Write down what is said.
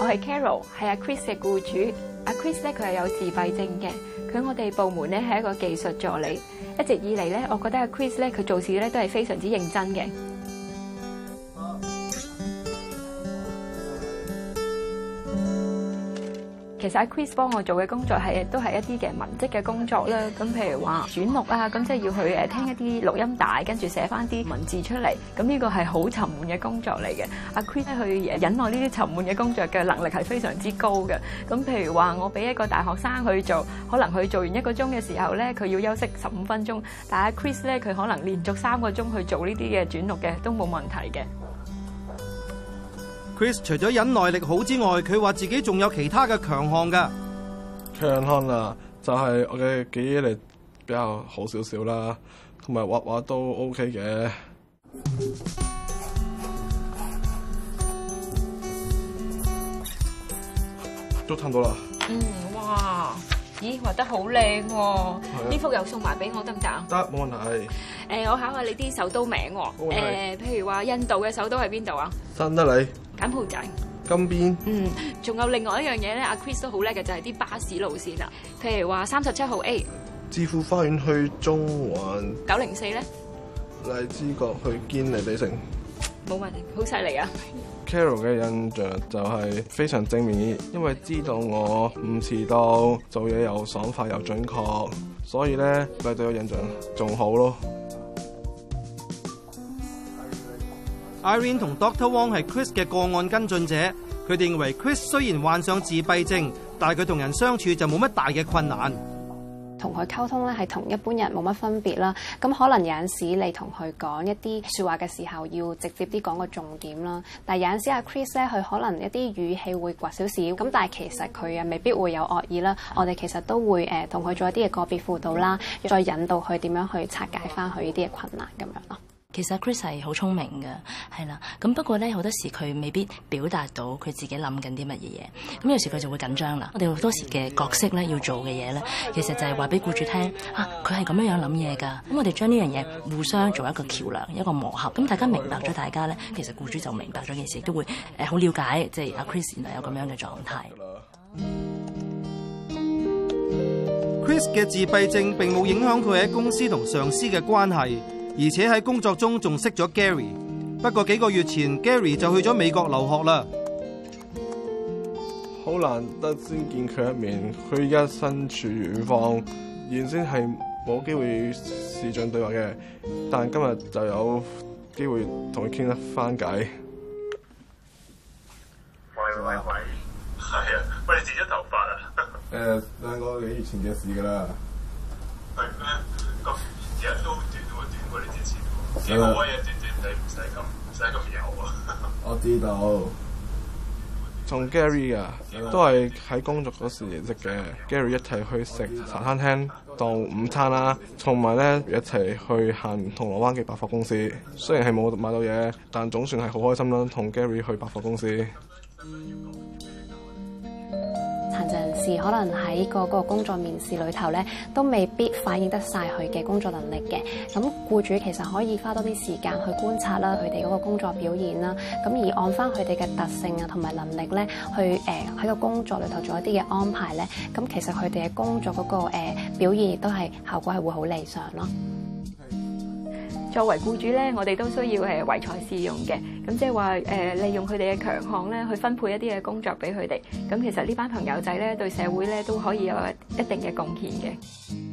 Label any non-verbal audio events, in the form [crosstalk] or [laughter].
我係 Carol，係阿 Chris 嘅僱主。阿 Chris 咧，佢係有自閉症嘅，佢喺我哋部門咧係一個技術助理。一直以嚟咧，我覺得阿 Chris 咧佢做事咧都係非常之認真嘅。其實喺 Chris 幫我做嘅工作係都係一啲嘅文職嘅工作啦，咁譬如話轉錄啊，咁即係要去誒聽一啲錄音帶，跟住寫翻啲文字出嚟，咁呢個係好沉悶嘅工作嚟嘅。阿 Chris 去忍耐呢啲沉悶嘅工作嘅能力係非常之高嘅。咁譬如話，我俾一個大學生去做，可能佢做完一個鐘嘅時候咧，佢要休息十五分鐘，但係 Chris 咧佢可能連續三個鐘去做呢啲嘅轉錄嘅都冇問題嘅。Chris 除咗忍耐力好之外，佢話自己仲有其他嘅強項嘅。強項啊，on, 就係我嘅記憶力比較好少少啦，同埋畫畫都 OK 嘅。都探到啦！嗯，哇！咦，畫得好靚喎！呢幅又送埋俾我得唔得？得，冇問題。誒、欸，我考下你啲首都名喎。譬如話印度嘅首都係邊度啊？新德里。柬埔寨金邊。嗯，仲有另外一樣嘢咧，阿、啊、Chris 都好叻嘅，就係、是、啲巴士路線啦。譬如話三十七號 A，置富花園去中環。九零四咧。荔枝角去堅尼地城。冇問題，好犀利啊！Carol 嘅印象就係非常正面，因為知道我唔遲到，做嘢又爽快又準確，所以咧佢對我印象仲好咯。Irene 同 Doctor Wong 係 Chris 嘅個案跟進者，佢哋認為 Chris 雖然患上自閉症，但係佢同人相處就冇乜大嘅困難。同佢溝通咧係同一般人冇乜分別啦。咁可能有陣時你同佢講一啲說話嘅時候要直接啲講個重點啦。但係有陣時阿 Chris 咧，佢可能一啲語氣會掘少少。咁但係其實佢啊未必會有惡意啦。我哋其實都會誒同佢做一啲嘅個別輔導啦，再引導佢點樣去拆解翻佢呢啲嘅困難咁樣咯。其實 Chris 係好聰明嘅，係啦。咁不過咧，好多時佢未必表達到佢自己諗緊啲乜嘢嘢。咁有時佢就會緊張啦。我哋好多時嘅角色咧要做嘅嘢咧，其實就係話俾僱主聽啊，佢係咁樣樣諗嘢㗎。咁我哋將呢樣嘢互相做一個橋梁，一個磨合。咁大家明白咗，大家咧其實僱主就明白咗件事，都會誒好了解，即係阿 Chris 原來有咁樣嘅狀態。Chris 嘅自閉症並冇影響佢喺公司同上司嘅關係。而且喺工作中仲識咗 Gary，不過幾個月前 Gary 就去咗美國留學啦。好 [music] 難得先見佢一面，佢依家身處遠方，原先係冇機會視像對話嘅，但今日就有機會同佢傾得翻偈。喂喂喂，係啊，喂，剪咗頭髮啊？誒， [laughs] 兩個幾月前嘅事噶啦。À, [noise] 我知道。同 [noise] Gary 啊，都係喺工作嗰時認識嘅。Gary 一齊去食茶餐廳當午餐啦，同埋咧一齊去，去行銅鑼灣嘅百貨公司。雖然係冇買到嘢，但總算係好開心啦！同 Gary 去百貨公司。行政人士可能喺嗰個工作面試裏頭咧，都未必反映得晒佢嘅工作能力嘅。咁僱主其實可以花多啲時間去觀察啦，佢哋嗰個工作表現啦。咁而按翻佢哋嘅特性啊，同埋能力咧，去誒喺個工作裏頭做一啲嘅安排咧。咁其實佢哋嘅工作嗰、嗰個誒、呃、表現亦都係效果係會好理想咯。作為僱主咧，我哋都需要誒唯才是用嘅，咁即係話誒利用佢哋嘅強項咧，去分配一啲嘅工作俾佢哋。咁其實呢班朋友仔咧，對社會咧都可以有一定嘅貢獻嘅。